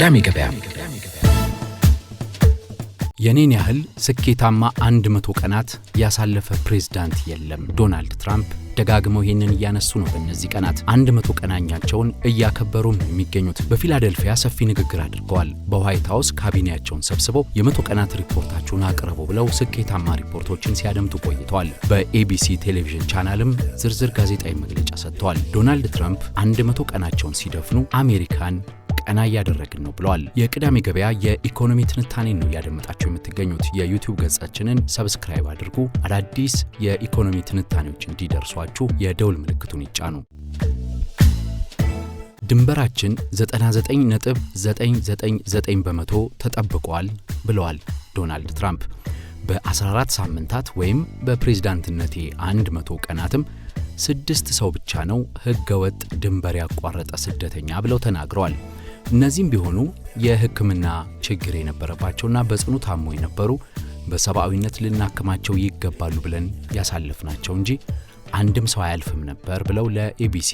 ቅዳሜ ገበያ የኔን ያህል ስኬታማ አንድ መቶ ቀናት ያሳለፈ ፕሬዝዳንት የለም። ዶናልድ ትራምፕ ደጋግመው ይህንን እያነሱ ነው። በእነዚህ ቀናት አንድ መቶ ቀናኛቸውን እያከበሩም ነው የሚገኙት። በፊላደልፊያ ሰፊ ንግግር አድርገዋል። በዋይት ሀውስ ካቢኔያቸውን ሰብስበው የመቶ ቀናት ሪፖርታችሁን አቅርቡ ብለው ስኬታማ ሪፖርቶችን ሲያደምጡ ቆይተዋል። በኤቢሲ ቴሌቪዥን ቻናልም ዝርዝር ጋዜጣዊ መግለጫ ሰጥተዋል። ዶናልድ ትራምፕ አንድ መቶ ቀናቸውን ሲደፍኑ አሜሪካን ቀና እያደረግን ነው ብለዋል። የቅዳሜ ገበያ የኢኮኖሚ ትንታኔ ነው እያደመጣቸው የምትገኙት። የዩቲዩብ ገጻችንን ሰብስክራይብ አድርጉ። አዳዲስ የኢኮኖሚ ትንታኔዎች እንዲደርሷችሁ የደውል ምልክቱን ይጫኑ። ድንበራችን 99.999 በመቶ ተጠብቋል ብለዋል ዶናልድ ትራምፕ። በ14 ሳምንታት ወይም በፕሬዝዳንትነቴ 100 ቀናትም ስድስት ሰው ብቻ ነው ህገወጥ ድንበር ያቋረጠ ስደተኛ ብለው ተናግረዋል። እነዚህም ቢሆኑ የሕክምና ችግር የነበረባቸውና በጽኑ ታሞ የነበሩ በሰብአዊነት ልናክማቸው ይገባሉ ብለን ያሳለፍናቸው እንጂ አንድም ሰው አያልፍም ነበር ብለው ለኤቢሲ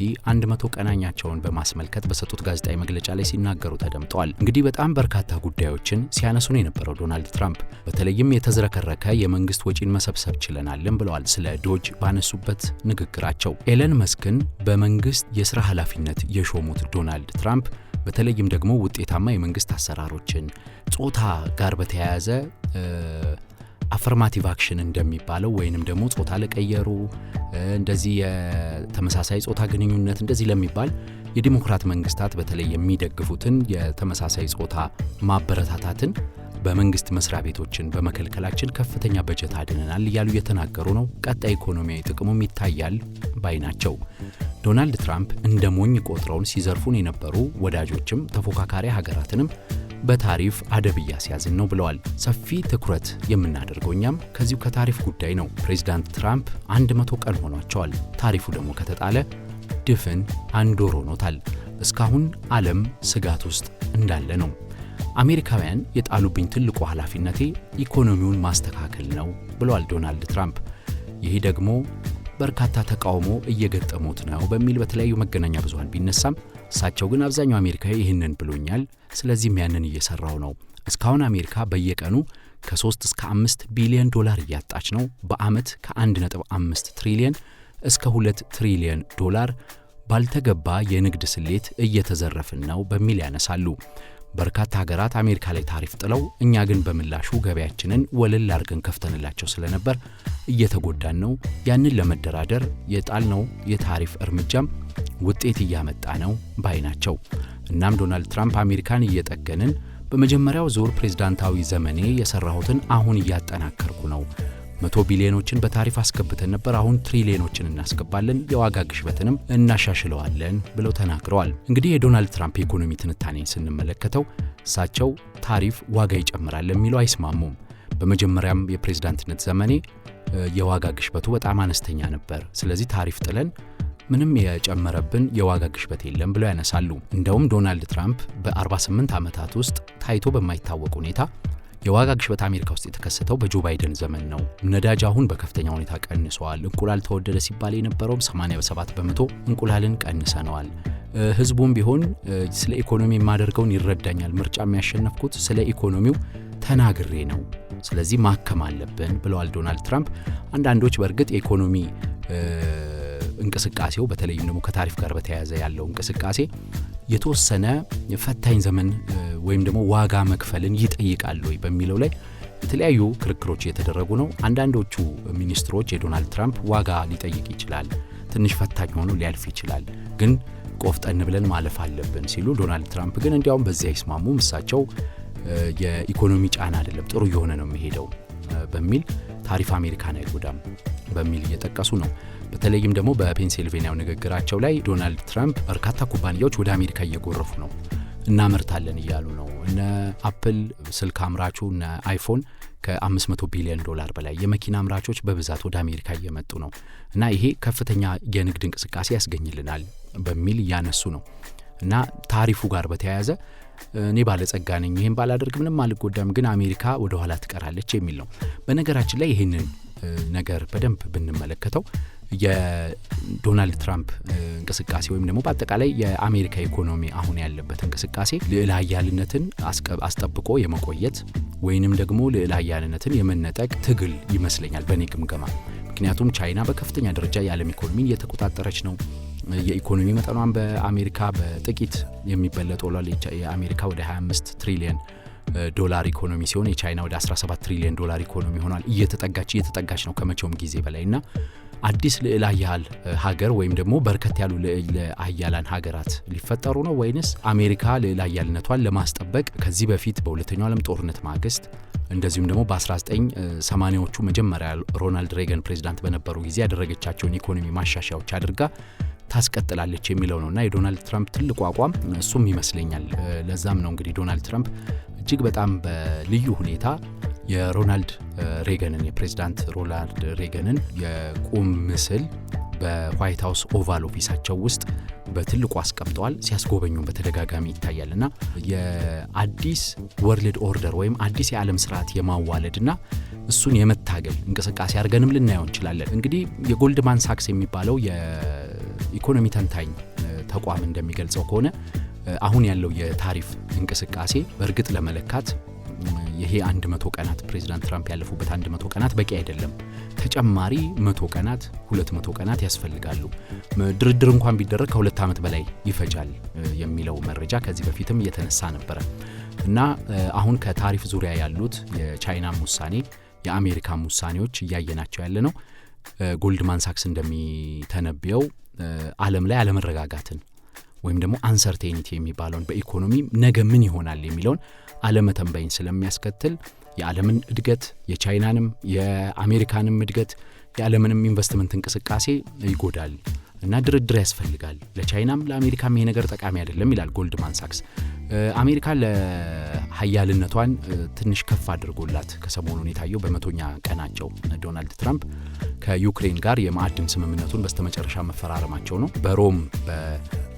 100 ቀናኛቸውን በማስመልከት በሰጡት ጋዜጣዊ መግለጫ ላይ ሲናገሩ ተደምጠዋል። እንግዲህ በጣም በርካታ ጉዳዮችን ሲያነሱ ነው የነበረው ዶናልድ ትራምፕ። በተለይም የተዝረከረከ የመንግስት ወጪን መሰብሰብ ችለናልን ብለዋል። ስለ ዶጅ ባነሱበት ንግግራቸው ኤለን መስክን በመንግስት የሥራ ኃላፊነት የሾሙት ዶናልድ ትራምፕ በተለይም ደግሞ ውጤታማ የመንግስት አሰራሮችን ጾታ ጋር በተያያዘ አፈርማቲቭ አክሽን እንደሚባለው ወይንም ደግሞ ጾታ ለቀየሩ እንደዚህ የተመሳሳይ ጾታ ግንኙነት እንደዚህ ለሚባል የዲሞክራት መንግስታት በተለይ የሚደግፉትን የተመሳሳይ ጾታ ማበረታታትን በመንግስት መስሪያ ቤቶችን በመከልከላችን ከፍተኛ በጀት አድነናል እያሉ እየተናገሩ ነው። ቀጣይ ኢኮኖሚያዊ ጥቅሙም ይታያል ባይ ናቸው። ዶናልድ ትራምፕ እንደ ሞኝ ቆጥረውን ሲዘርፉን የነበሩ ወዳጆችም ተፎካካሪ ሀገራትንም በታሪፍ አደብ እያስያዝን ነው ብለዋል። ሰፊ ትኩረት የምናደርገው እኛም ከዚሁ ከታሪፍ ጉዳይ ነው። ፕሬዚዳንት ትራምፕ 100 ቀን ሆኗቸዋል። ታሪፉ ደግሞ ከተጣለ ድፍን አንድ ወር ሆኖታል። እስካሁን ዓለም ስጋት ውስጥ እንዳለ ነው። አሜሪካውያን የጣሉብኝ ትልቁ ኃላፊነቴ ኢኮኖሚውን ማስተካከል ነው ብለዋል ዶናልድ ትራምፕ። ይህ ደግሞ በርካታ ተቃውሞ እየገጠሙት ነው በሚል በተለያዩ መገናኛ ብዙሃን ቢነሳም እሳቸው ግን አብዛኛው አሜሪካዊ ይህንን ብሎኛል፣ ስለዚህም ያንን እየሰራው ነው። እስካሁን አሜሪካ በየቀኑ ከ3 እስከ 5 ቢሊዮን ዶላር እያጣች ነው። በአመት ከ1.5 ትሪሊየን እስከ 2 ትሪሊየን ዶላር ባልተገባ የንግድ ስሌት እየተዘረፍን ነው በሚል ያነሳሉ። በርካታ ሀገራት አሜሪካ ላይ ታሪፍ ጥለው እኛ ግን በምላሹ ገበያችንን ወለል አድርገን ከፍተንላቸው ስለነበር እየተጎዳን ነው። ያንን ለመደራደር የጣልነው የታሪፍ እርምጃም ውጤት እያመጣ ነው ባይ ናቸው። እናም ዶናልድ ትራምፕ አሜሪካን እየጠገንን በመጀመሪያው ዙር ፕሬዝዳንታዊ ዘመኔ የሰራሁትን አሁን እያጠናከርኩ ነው መቶ ቢሊዮኖችን በታሪፍ አስገብተን ነበር። አሁን ትሪሊዮኖችን እናስገባለን፣ የዋጋ ግሽበትንም እናሻሽለዋለን ብለው ተናግረዋል። እንግዲህ የዶናልድ ትራምፕ የኢኮኖሚ ትንታኔን ስንመለከተው እሳቸው ታሪፍ ዋጋ ይጨምራል የሚለው አይስማሙም። በመጀመሪያም የፕሬዝዳንትነት ዘመኔ የዋጋ ግሽበቱ በጣም አነስተኛ ነበር፣ ስለዚህ ታሪፍ ጥለን ምንም የጨመረብን የዋጋ ግሽበት የለም ብለው ያነሳሉ። እንደውም ዶናልድ ትራምፕ በ48 ዓመታት ውስጥ ታይቶ በማይታወቅ ሁኔታ የዋጋ ግሽበት አሜሪካ ውስጥ የተከሰተው በጆ ባይደን ዘመን ነው። ነዳጅ አሁን በከፍተኛ ሁኔታ ቀንሰዋል። እንቁላል ተወደደ ሲባል የነበረውም 87 በመቶ እንቁላልን ቀንሰነዋል። ህዝቡም ቢሆን ስለ ኢኮኖሚ የማደርገውን ይረዳኛል። ምርጫ የሚያሸነፍኩት ስለ ኢኮኖሚው ተናግሬ ነው። ስለዚህ ማከም አለብን ብለዋል ዶናልድ ትራምፕ። አንዳንዶች በእርግጥ የኢኮኖሚ እንቅስቃሴው በተለይም ደግሞ ከታሪፍ ጋር በተያያዘ ያለው እንቅስቃሴ የተወሰነ ፈታኝ ዘመን ወይም ደግሞ ዋጋ መክፈልን ይጠይቃል ወይ በሚለው ላይ የተለያዩ ክርክሮች እየተደረጉ ነው። አንዳንዶቹ ሚኒስትሮች የዶናልድ ትራምፕ ዋጋ ሊጠይቅ ይችላል፣ ትንሽ ፈታኝ ሆኖ ሊያልፍ ይችላል፣ ግን ቆፍጠን ብለን ማለፍ አለብን ሲሉ፣ ዶናልድ ትራምፕ ግን እንዲያውም በዚህ አይስማሙም። እሳቸው የኢኮኖሚ ጫና አይደለም ጥሩ እየሆነ ነው የሚሄደው በሚል ታሪፍ አሜሪካን አይጎዳም በሚል እየጠቀሱ ነው። በተለይም ደግሞ በፔንሲልቬኒያው ንግግራቸው ላይ ዶናልድ ትራምፕ በርካታ ኩባንያዎች ወደ አሜሪካ እየጎረፉ ነው እናመርታለን እያሉ ነው። እነ አፕል ስልክ አምራቹ እነ አይፎን ከ500 ቢሊዮን ዶላር በላይ የመኪና አምራቾች በብዛት ወደ አሜሪካ እየመጡ ነው እና ይሄ ከፍተኛ የንግድ እንቅስቃሴ ያስገኝልናል በሚል እያነሱ ነው እና ታሪፉ ጋር በተያያዘ እኔ ባለጸጋ ነኝ፣ ይህን ባላደርግ ምንም አልጎዳም፣ ግን አሜሪካ ወደ ኋላ ትቀራለች የሚል ነው። በነገራችን ላይ ይህንን ነገር በደንብ ብንመለከተው የዶናልድ ትራምፕ እንቅስቃሴ ወይም ደግሞ በአጠቃላይ የአሜሪካ ኢኮኖሚ አሁን ያለበት እንቅስቃሴ ልዕለ ኃያልነትን አስጠብቆ የመቆየት ወይንም ደግሞ ልዕለ ኃያልነትን የመነጠቅ ትግል ይመስለኛል በእኔ ግምገማ። ምክንያቱም ቻይና በከፍተኛ ደረጃ የዓለም ኢኮኖሚ እየተቆጣጠረች ነው። የኢኮኖሚ መጠኗን በአሜሪካ በጥቂት የሚበለጥ ሆኗል። የአሜሪካ ወደ 25 ትሪሊየን ዶላር ኢኮኖሚ ሲሆን የቻይና ወደ 17 ትሪሊየን ዶላር ኢኮኖሚ ሆኗል። እየተጠጋች እየተጠጋች ነው ከመቼውም ጊዜ በላይ እና አዲስ ልዕለ ኃያል ሀገር ወይም ደግሞ በርከት ያሉ ልዕለ ኃያላን ሀገራት ሊፈጠሩ ነው ወይንስ አሜሪካ ልዕለ ኃያልነቷን ለማስጠበቅ ከዚህ በፊት በሁለተኛው ዓለም ጦርነት ማግስት እንደዚሁም ደግሞ በ1980ዎቹ መጀመሪያ ሮናልድ ሬገን ፕሬዚዳንት በነበሩ ጊዜ ያደረገቻቸውን ኢኮኖሚ ማሻሻያዎች አድርጋ ታስቀጥላለች የሚለው ነው እና የዶናልድ ትራምፕ ትልቁ አቋም እሱም ይመስለኛል። ለዛም ነው እንግዲህ ዶናልድ ትራምፕ እጅግ በጣም በልዩ ሁኔታ የሮናልድ ሬገንን የፕሬዚዳንት ሮናልድ ሬገንን የቁም ምስል በዋይት ሀውስ ኦቫል ኦፊሳቸው ውስጥ በትልቁ አስቀምጠዋል። ሲያስጎበኙ በተደጋጋሚ ይታያል እና የአዲስ ወርልድ ኦርደር ወይም አዲስ የዓለም ስርዓት የማዋለድ ና እሱን የመታገል እንቅስቃሴ አድርገንም ልናየው እንችላለን። እንግዲህ የጎልድማን ሳክስ የሚባለው የኢኮኖሚ ተንታኝ ተቋም እንደሚገልጸው ከሆነ አሁን ያለው የታሪፍ እንቅስቃሴ በእርግጥ ለመለካት ይሄ አንድ መቶ ቀናት ፕሬዚዳንት ትራምፕ ያለፉበት አንድ መቶ ቀናት በቂ አይደለም። ተጨማሪ መቶ ቀናት ሁለት መቶ ቀናት ያስፈልጋሉ። ድርድር እንኳን ቢደረግ ከሁለት ዓመት በላይ ይፈጃል የሚለው መረጃ ከዚህ በፊትም እየተነሳ ነበረ እና አሁን ከታሪፍ ዙሪያ ያሉት የቻይናም ውሳኔ የአሜሪካም ውሳኔዎች እያየናቸው ያለ ነው። ጎልድማን ሳክስ እንደሚተነብየው ዓለም ላይ አለመረጋጋትን ወይም ደግሞ አንሰርቴኒቲ የሚባለውን በኢኮኖሚ ነገ ምን ይሆናል የሚለውን አለመተንበይን ስለሚያስከትል የዓለምን እድገት የቻይናንም የአሜሪካንም እድገት የዓለምንም ኢንቨስትመንት እንቅስቃሴ ይጎዳል እና ድርድር ያስፈልጋል። ለቻይናም ለአሜሪካም ይሄ ነገር ጠቃሚ አይደለም ይላል ጎልድማን ሳክስ። አሜሪካ ለሀያልነቷን ትንሽ ከፍ አድርጎላት ከሰሞኑን የታየው በመቶኛ ቀናቸው ዶናልድ ትራምፕ ከዩክሬን ጋር የማዕድን ስምምነቱን በስተመጨረሻ መፈራረማቸው ነው። በሮም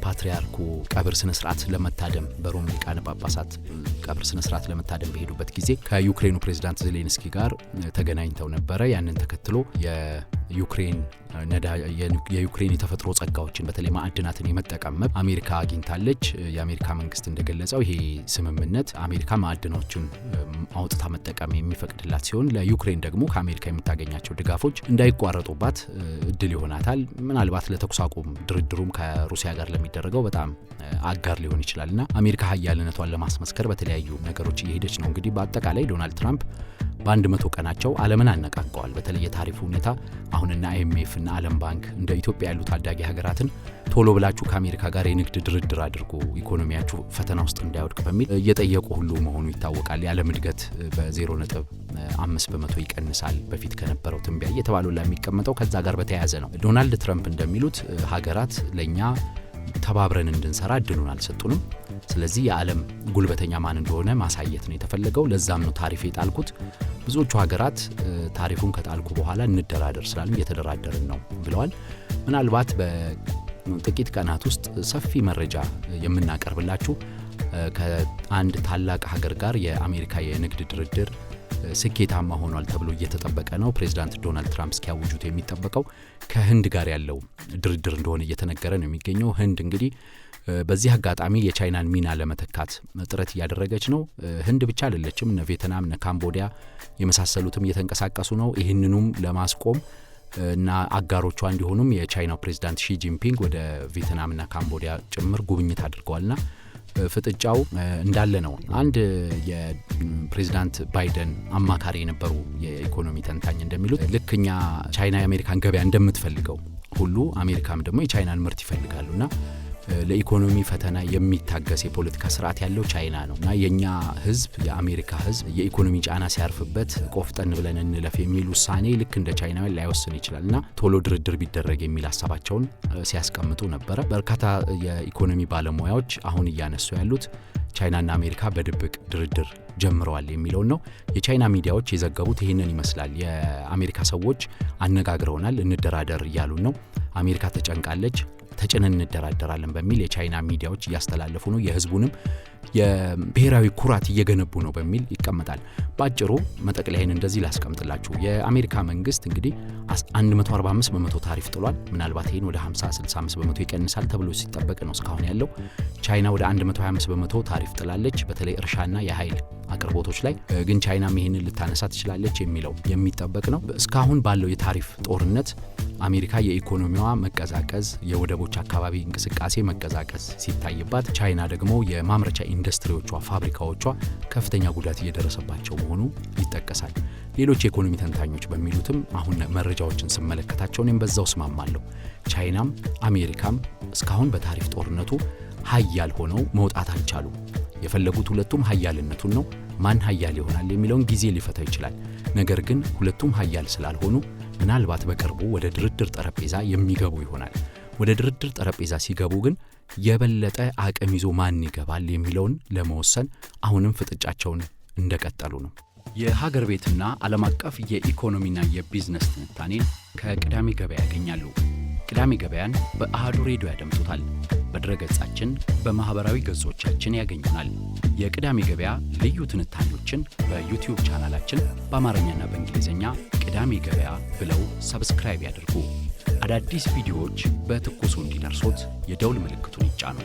ፓትርያርኩ ቀብር ስነስርዓት ለመታደም በሮም ሊቃነ ጳጳሳት ቀብር ስነስርዓት ለመታደም በሄዱበት ጊዜ ከዩክሬኑ ፕሬዚዳንት ዜሌንስኪ ጋር ተገናኝተው ነበረ። ያንን ተከትሎ ዩክሬን የዩክሬን የተፈጥሮ ጸጋዎችን በተለይ ማዕድናትን የመጠቀም መብት አሜሪካ አግኝታለች። የአሜሪካ መንግስት እንደገለጸው ይሄ ስምምነት አሜሪካ ማዕድኖችን አውጥታ መጠቀም የሚፈቅድላት ሲሆን ለዩክሬን ደግሞ ከአሜሪካ የምታገኛቸው ድጋፎች እንዳይቋረጡባት እድል ይሆናታል። ምናልባት ለተኩስ አቁም ድርድሩም ከሩሲያ ጋር ለሚደረገው በጣም አጋር ሊሆን ይችላል እና አሜሪካ ሀያልነቷን ለማስመስከር በተለያዩ ነገሮች እየሄደች ነው። እንግዲህ በአጠቃላይ ዶናልድ ትራምፕ በአንድ መቶ ቀናቸው ዓለምን አነቃቀዋል። በተለይ የታሪፍ ሁኔታ አሁንና አይኤምኤፍና እና ዓለም ባንክ እንደ ኢትዮጵያ ያሉ ታዳጊ ሀገራትን ቶሎ ብላችሁ ከአሜሪካ ጋር የንግድ ድርድር አድርጎ ኢኮኖሚያችሁ ፈተና ውስጥ እንዳይወድቅ በሚል እየጠየቁ ሁሉ መሆኑ ይታወቃል። የዓለም እድገት በዜሮ ነጥብ አምስት በመቶ ይቀንሳል በፊት ከነበረው ትንቢያ እየተባለው የሚቀመጠው ከዛ ጋር በተያያዘ ነው። ዶናልድ ትረምፕ እንደሚሉት ሀገራት ለእኛ ተባብረን እንድንሰራ እድሉን አልሰጡንም። ስለዚህ የዓለም ጉልበተኛ ማን እንደሆነ ማሳየት ነው የተፈለገው። ለዛም ነው ታሪፍ የጣልኩት። ብዙዎቹ ሀገራት ታሪፉን ከጣልኩ በኋላ እንደራደር ስላሉ እየተደራደርን ነው ብለዋል። ምናልባት በጥቂት ቀናት ውስጥ ሰፊ መረጃ የምናቀርብላችሁ ከአንድ ታላቅ ሀገር ጋር የአሜሪካ የንግድ ድርድር ስኬታማ ሆኗል ተብሎ እየተጠበቀ ነው። ፕሬዚዳንት ዶናልድ ትራምፕ እስኪያውጁት የሚጠበቀው ከህንድ ጋር ያለው ድርድር እንደሆነ እየተነገረ ነው የሚገኘው። ህንድ እንግዲህ በዚህ አጋጣሚ የቻይናን ሚና ለመተካት ጥረት እያደረገች ነው። ህንድ ብቻ አይደለችም። እነ ቬትናም፣ እነ ካምቦዲያ የመሳሰሉትም እየተንቀሳቀሱ ነው። ይህንኑም ለማስቆም እና አጋሮቿ እንዲሆኑም የቻይናው ፕሬዚዳንት ሺጂንፒንግ ወደ ቬትናምና ካምቦዲያ ጭምር ጉብኝት አድርገዋልና ፍጥጫው እንዳለ ነው። አንድ የፕሬዚዳንት ባይደን አማካሪ የነበሩ የኢኮኖሚ ተንታኝ እንደሚሉት ልክኛ ቻይና የአሜሪካን ገበያ እንደምትፈልገው ሁሉ አሜሪካም ደግሞ የቻይናን ምርት ይፈልጋሉና ለኢኮኖሚ ፈተና የሚታገስ የፖለቲካ ስርዓት ያለው ቻይና ነው እና የእኛ ህዝብ የአሜሪካ ህዝብ የኢኮኖሚ ጫና ሲያርፍበት ቆፍጠን ብለን እንለፍ የሚል ውሳኔ ልክ እንደ ቻይናውያን ላይወስን ይችላል እና ቶሎ ድርድር ቢደረግ የሚል ሀሳባቸውን ሲያስቀምጡ ነበረ። በርካታ የኢኮኖሚ ባለሙያዎች አሁን እያነሱ ያሉት ቻይናና አሜሪካ በድብቅ ድርድር ጀምረዋል የሚለውን ነው። የቻይና ሚዲያዎች የዘገቡት ይህንን ይመስላል። የአሜሪካ ሰዎች አነጋግረውናል፣ እንደራደር እያሉን ነው። አሜሪካ ተጨንቃለች፣ ተጭነን እንደራደራለን በሚል የቻይና ሚዲያዎች እያስተላለፉ ነው። የህዝቡንም የብሔራዊ ኩራት እየገነቡ ነው በሚል ይቀመጣል። በአጭሩ መጠቅለያን እንደዚህ ላስቀምጥላችሁ። የአሜሪካ መንግስት እንግዲህ 145 በመቶ ታሪፍ ጥሏል። ምናልባት ይህን ወደ 50 65 በመቶ ይቀንሳል ተብሎ ሲጠበቅ ነው እስካሁን ያለው። ቻይና ወደ 125 በመቶ ታሪፍ ጥላለች፣ በተለይ እርሻና የኃይል አቅርቦቶች ላይ ግን ቻይናም ይህንን ልታነሳ ትችላለች የሚለው የሚጠበቅ ነው። እስካሁን ባለው የታሪፍ ጦርነት አሜሪካ የኢኮኖሚዋ መቀዛቀዝ፣ የወደቦች አካባቢ እንቅስቃሴ መቀዛቀዝ ሲታይባት፣ ቻይና ደግሞ የማምረቻ ኢንዱስትሪዎቿ፣ ፋብሪካዎቿ ከፍተኛ ጉዳት እየደረሰባቸው መሆኑ ይጠቀሳል። ሌሎች የኢኮኖሚ ተንታኞች በሚሉትም አሁን መረጃዎችን ስመለከታቸው እኔም በዛው ስማማለሁ። ቻይናም አሜሪካም እስካሁን በታሪፍ ጦርነቱ ሀያል ሆነው መውጣት አልቻሉ። የፈለጉት ሁለቱም ሀያልነቱን ነው። ማን ሀያል ይሆናል የሚለውን ጊዜ ሊፈታ ይችላል። ነገር ግን ሁለቱም ሀያል ስላልሆኑ ምናልባት በቅርቡ ወደ ድርድር ጠረጴዛ የሚገቡ ይሆናል። ወደ ድርድር ጠረጴዛ ሲገቡ ግን የበለጠ አቅም ይዞ ማን ይገባል የሚለውን ለመወሰን አሁንም ፍጥጫቸውን እንደቀጠሉ ነው። የሀገር ቤትና ዓለም አቀፍ የኢኮኖሚና የቢዝነስ ትንታኔን ከቅዳሜ ገበያ ያገኛሉ። ቅዳሜ ገበያን በአሃዱ ሬዲዮ ያደምጡታል። በድረገጻችን በማኅበራዊ ገጾቻችን ያገኙናል። የቅዳሜ ገበያ ልዩ ትንታኔዎችን በዩቲዩብ ቻናላችን በአማርኛና በእንግሊዝኛ ቅዳሜ ገበያ ብለው ሰብስክራይብ ያድርጉ። አዳዲስ ቪዲዮዎች በትኩሱ እንዲደርሶት የደውል ምልክቱን ይጫኑ።